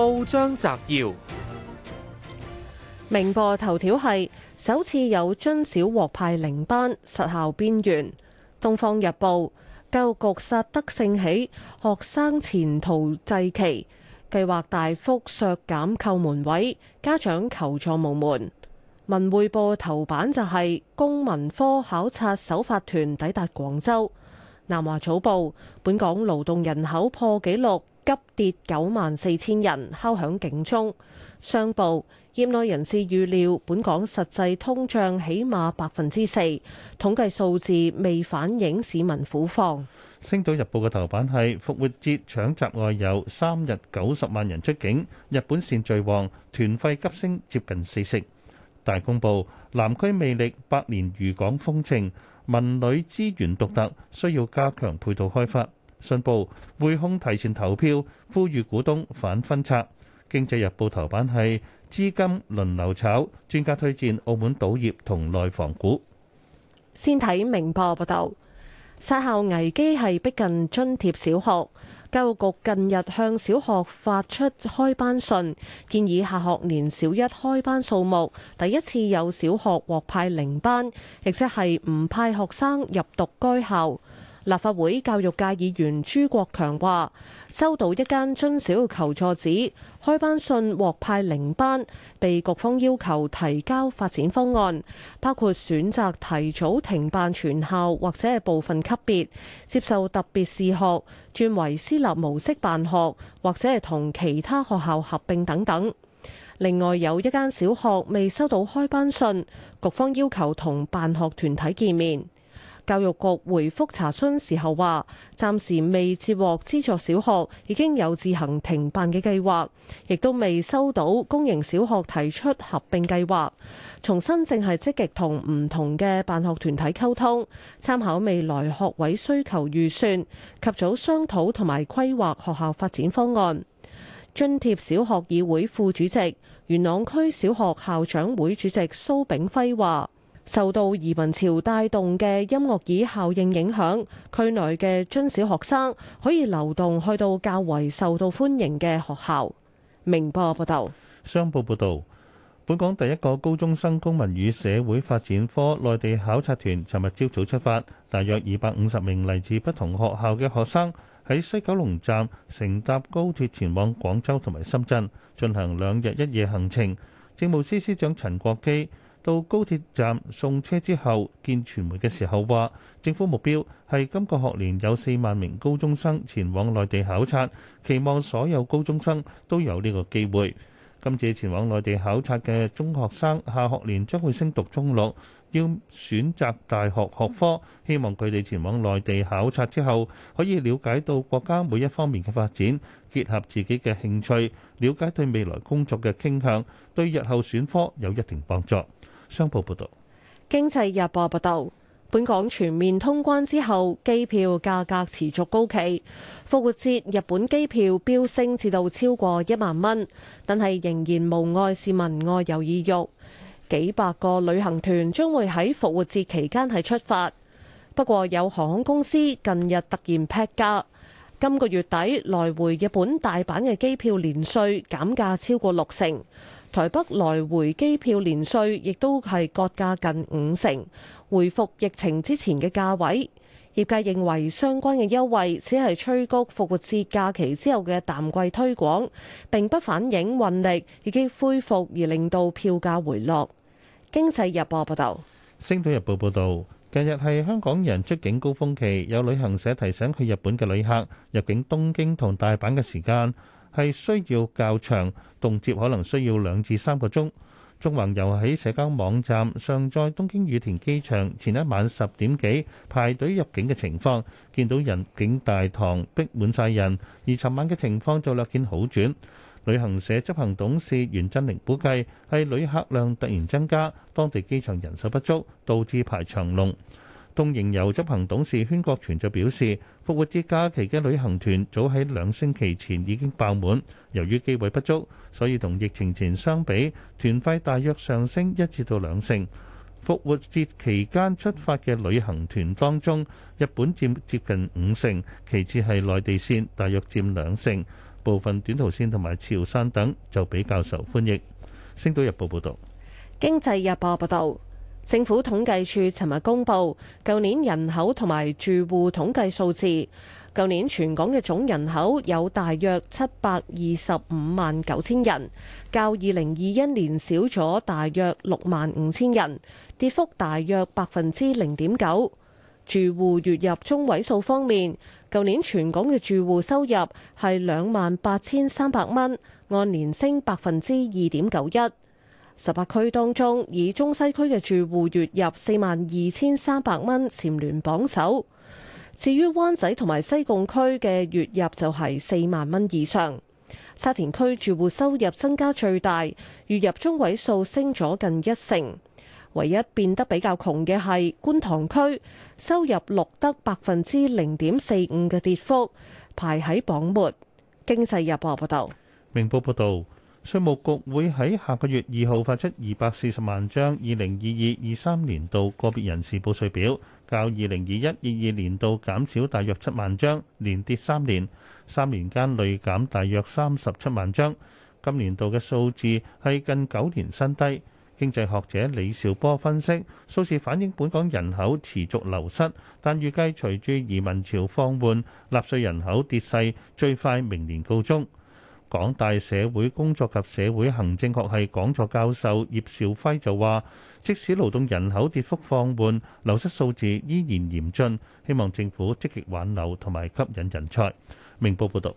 報章摘要：明報頭條係首次有津小獲派零班，實校邊緣。東方日報，教育局殺得興起，學生前途際期，計劃大幅削減扣門位，家長求助無門。文匯報頭版就係、是、公民科考察首發團抵達廣州。南華早報，本港勞動人口破紀錄。急跌九萬四千人，敲響警鐘。商報業內人士預料，本港實際通脹起碼百分之四。統計數字未反映市民苦況。星島日報嘅頭版係復活節搶閘外遊，三日九十萬人出境，日本線最旺，團費急升接近四成。大公報，南區魅力百年漁港風情，文旅資源獨特，需要加強配套開發。信報匯控提前投票，呼籲股東反分拆。經濟日報頭版係資金輪流炒，專家推薦澳門賭業同內房股。先睇明報報道：「細校危機係逼近津貼小學，教育局近日向小學發出開班信，建議下學年小一開班數目，第一次有小學獲派零班，亦即係唔派學生入讀該校。立法會教育界議員朱國強話：收到一間津小求助，指開班信獲派零班，被局方要求提交發展方案，包括選擇提早停辦全校或者係部分級別，接受特別視學，轉為私立模式辦學，或者係同其他學校合併等等。另外有一間小學未收到開班信，局方要求同辦學團體見面。教育局回覆查詢時候話，暫時未接獲資助小學已經有自行停辦嘅計劃，亦都未收到公營小學提出合併計劃。重新正係積極同唔同嘅辦學團體溝通，參考未來學位需求預算，及早商討同埋規劃學校發展方案。津貼小學議會副主席、元朗區小學校長會主席蘇炳輝話。受到移民潮帶動嘅音樂椅效應影響，區內嘅中小學生可以流動去到較為受到歡迎嘅學校。明報報道，商報報道，本港第一個高中生公民與社會發展科內地考察團尋日朝早出發，大約二百五十名嚟自不同學校嘅學生喺西九龍站乘搭高鐵前往廣州同埋深圳，進行兩日一夜行程。政務司司長陳國基。到高鐵站送車之後，見傳媒嘅時候話，政府目標係今個學年有四萬名高中生前往內地考察，期望所有高中生都有呢個機會。今次前往內地考察嘅中學生，下學年將會升讀中六，要選擇大學學科。希望佢哋前往內地考察之後，可以了解到國家每一方面嘅發展，結合自己嘅興趣，了解對未來工作嘅傾向，對日後選科有一定幫助。商報報道，經濟日報報道，本港全面通關之後，機票價格持續高企。復活節日本機票飆升至到超過一萬蚊，但係仍然無礙市民外遊意欲。幾百個旅行團將會喺復活節期間係出發。不過有航空公司近日突然劈價，今個月底來回日本大阪嘅機票連稅減價超過六成。台北來回機票連稅亦都係割價近五成，回復疫情之前嘅價位。業界認為相關嘅優惠只係催谷復活節假期之後嘅淡季推廣，並不反映運力已經恢復而令到票價回落。《經濟日報》報道。《星島日報》報道，近日係香港人出境高峰期，有旅行社提醒去日本嘅旅客入境東京同大阪嘅時間。係需要較長動輒，可能需要兩至三個鐘。中環遊喺社交網站上載東京羽田機場前一晚十點幾排隊入境嘅情況，見到入境大堂逼滿晒人，而尋晚嘅情況就略見好轉。旅行社執行董事袁振寧估計係旅客量突然增加，當地機場人手不足，導致排長龍。東瀛遊執行董事禤國全就表示，復活節假期嘅旅行團早喺兩星期前已經爆滿，由於機位不足，所以同疫情前相比，團費大約上升一至到兩成。復活節期間出發嘅旅行團當中，日本佔接近五成，其次係內地線大約佔兩成，部分短途線同埋潮汕等就比較受歡迎。星島日報報道。經濟日報報道。政府統計處尋日公布舊年人口同埋住戶統計數字。舊年全港嘅總人口有大約七百二十五萬九千人，較二零二一年少咗大約六萬五千人，跌幅大約百分之零點九。住戶月入中位數方面，舊年全港嘅住戶收入係兩萬八千三百蚊，按年升百分之二點九一。十八區當中，以中西區嘅住戶月入四萬二千三百蚊，蟬聯榜首。至於灣仔同埋西貢區嘅月入就係四萬蚊以上。沙田區住戶收入增加最大，月入中位數升咗近一成。唯一變得比較窮嘅係觀塘區，收入錄得百分之零點四五嘅跌幅，排喺榜末。經濟日報報道。明報報導。稅務局會喺下個月二號發出二百四十萬張二零二二二三年度個別人士報稅表，較二零二一二二年度減少大約七萬張，連跌三年，三年間累減大約三十七萬張。今年度嘅數字係近九年新低。經濟學者李兆波分析，數字反映本港人口持續流失，但預計隨住移民潮放緩，納稅人口跌勢，最快明年告終。港大社會工作及社會行政學系講座教授葉兆輝就話：即使勞動人口跌幅放緩，流失數字依然嚴峻，希望政府積極挽留同埋吸引人才。明報報道，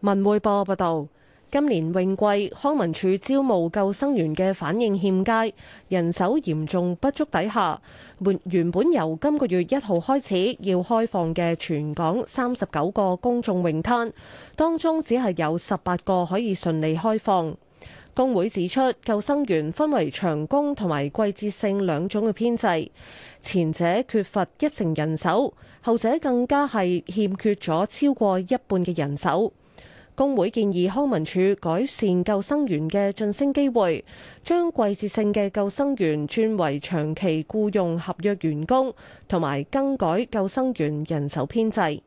文匯報報道。今年泳季，康文署招募救生員嘅反應欠佳，人手嚴重不足底下，原本由今個月一號開始要開放嘅全港三十九個公衆泳灘，當中只係有十八個可以順利開放。工會指出，救生員分為長工同埋季節性兩種嘅編制，前者缺乏一成人手，後者更加係欠缺咗超過一半嘅人手。工會建議康文署改善救生員嘅晉升機會，將季節性嘅救生員轉為長期僱傭合約員工，同埋更改救生員人手編制。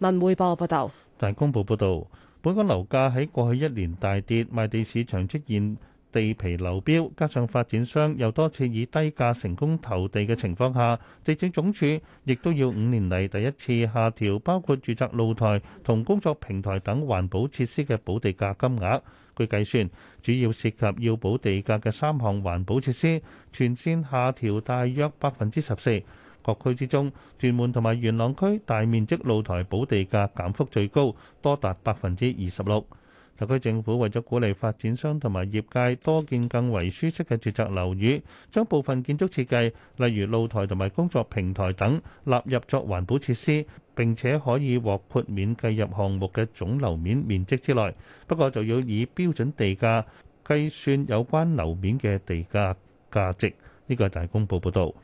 文匯報報道，大公報報道，本港樓價喺過去一年大跌，賣地市場出現。地皮流標加上發展商又多次以低價成功投地嘅情況下，地政總署亦都要五年嚟第一次下調包括住宅露台同工作平台等環保設施嘅補地價金額，據計算，主要涉及要補地價嘅三項環保設施，全線下調大約百分之十四。各區之中，屯門同埋元朗區大面積露台補地價減幅最高，多達百分之二十六。特區政府為咗鼓勵發展商同埋業界多建更為舒適嘅住宅樓宇，將部分建築設計，例如露台同埋工作平台等，納入作環保設施，並且可以獲豁免計入項目嘅總樓面面積之內。不過就要以標準地價計算有關樓面嘅地價價值。呢、這個就係《公報》報道，《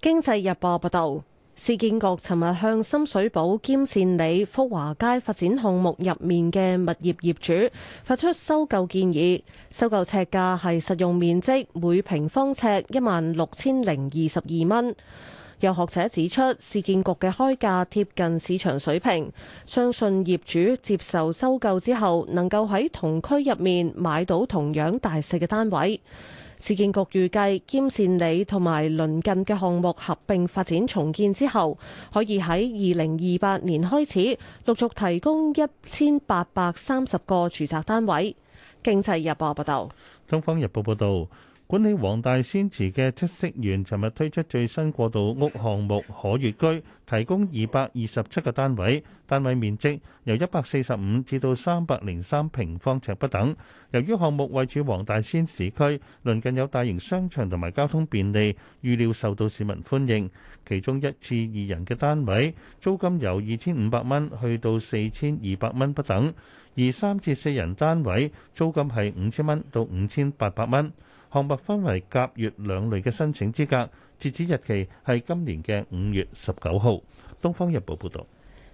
經濟日報》報道。市建局尋日向深水埗、兼善里福華街發展項目入面嘅物業業主發出收購建議，收購尺價係實用面積每平方尺一萬六千零二十二蚊。有學者指出，市建局嘅開價貼近市場水平，相信業主接受收購之後，能夠喺同區入面買到同樣大細嘅單位。市建局預計兼善里同埋鄰近嘅項目合併發展重建之後，可以喺二零二八年開始陸續提供一千八百三十個住宅單位。經濟日報報道，東方日報報道。管理黃大仙祠嘅嗇色園，尋日推出最新過渡屋項目可悅居，提供二百二十七個單位，單位面積由一百四十五至到三百零三平方尺不等。由於項目位處黃大仙市區，鄰近有大型商場同埋交通便利，預料受到市民歡迎。其中一至二人嘅單位租金由二千五百蚊去到四千二百蚊不等，而三至四人單位租金係五千蚊到五千八百蚊。項目分為甲、乙兩類嘅申請資格，截止日期係今年嘅五月十九號。《東方日報》報導。《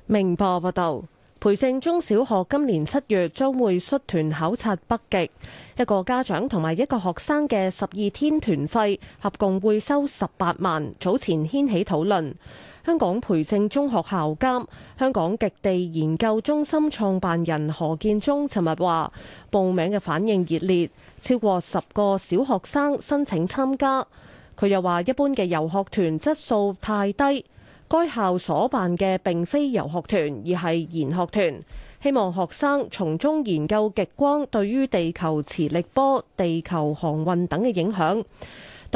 明報》報道，培正中小學今年七月將會率團考察北極，一個家長同埋一個學生嘅十二天團費合共會收十八萬，早前掀起討論。香港培正中學校監、香港極地研究中心創辦人何建宗尋日話：報名嘅反應熱烈，超過十個小學生申請參加。佢又話：一般嘅遊學團質素太低，該校所辦嘅並非遊學團，而係研學團。希望學生從中研究極光對於地球磁力波、地球航運等嘅影響。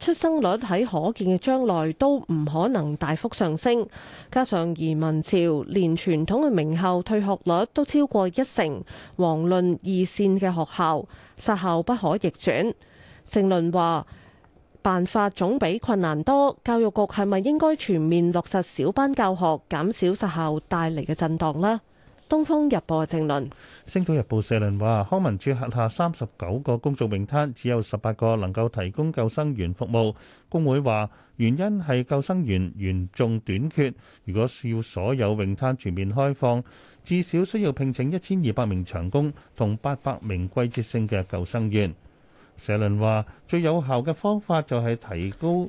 出生率喺可見嘅將來都唔可能大幅上升，加上移民潮，連傳統嘅名校退學率都超過一成，遑論二線嘅學校，實校不可逆轉。成論話：辦法總比困難多，教育局係咪應該全面落實小班教學，減少實校帶嚟嘅震盪呢？《東方日報》正論，《星島日報》社論話：康文署轄下三十九個公眾泳灘，只有十八個能夠提供救生員服務。工會話原因係救生員嚴重短缺。如果要所有泳灘全面開放，至少需要聘請一千二百名長工同八百名季節性嘅救生員。社論話最有效嘅方法就係提高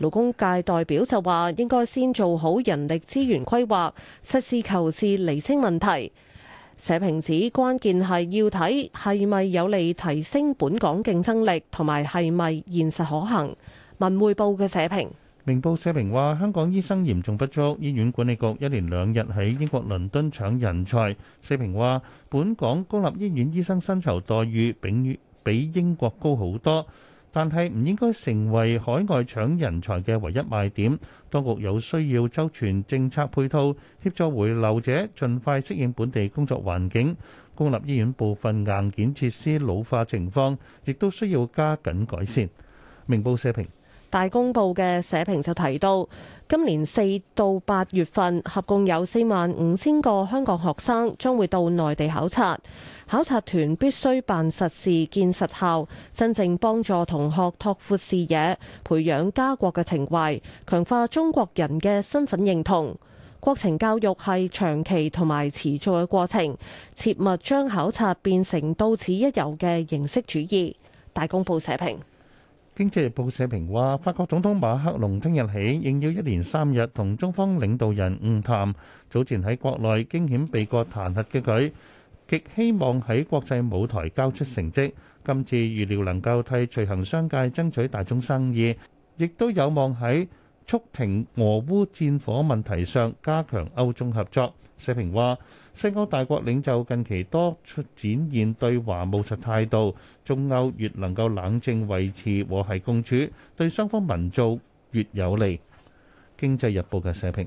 勞工界代表就話，應該先做好人力資源規劃，實事求是釐清問題。社評指關鍵係要睇係咪有利提升本港競爭力，同埋係咪現實可行。文匯報嘅社評，明報社評話，香港醫生嚴重不足，醫院管理局一連兩日喺英國倫敦搶人才。社評話，本港公立醫院醫生薪酬待遇比比英國高好多。但係唔應該成為海外搶人才嘅唯一賣點。當局有需要周全政策配套，協助回流者盡快適應本地工作環境。公立醫院部分硬件設施老化情況，亦都需要加緊改善。明報社評。大公報嘅社評就提到，今年四到八月份合共有四萬五千個香港學生將會到內地考察，考察團必須辦實事、見實效，真正幫助同學拓闊視野、培養家國嘅情懷、強化中國人嘅身份認同。國情教育係長期同埋持續嘅過程，切勿將考察變成到此一遊嘅形式主義。大公報社評。《經濟日報》社評話：法國總統馬克龍聽日起應邀一連三日同中方領導人晤談，早前喺國內驚險被過彈劾嘅佢，極希望喺國際舞台交出成績，今次預料能夠替隨行商界爭取大宗生意，亦都有望喺促停俄烏戰火問題上加強歐中合作，社評話：西歐大國領袖近期多出展現對華務實態度，中歐越能夠冷靜維持和諧共處，對雙方民眾越有利。經濟日報嘅社評。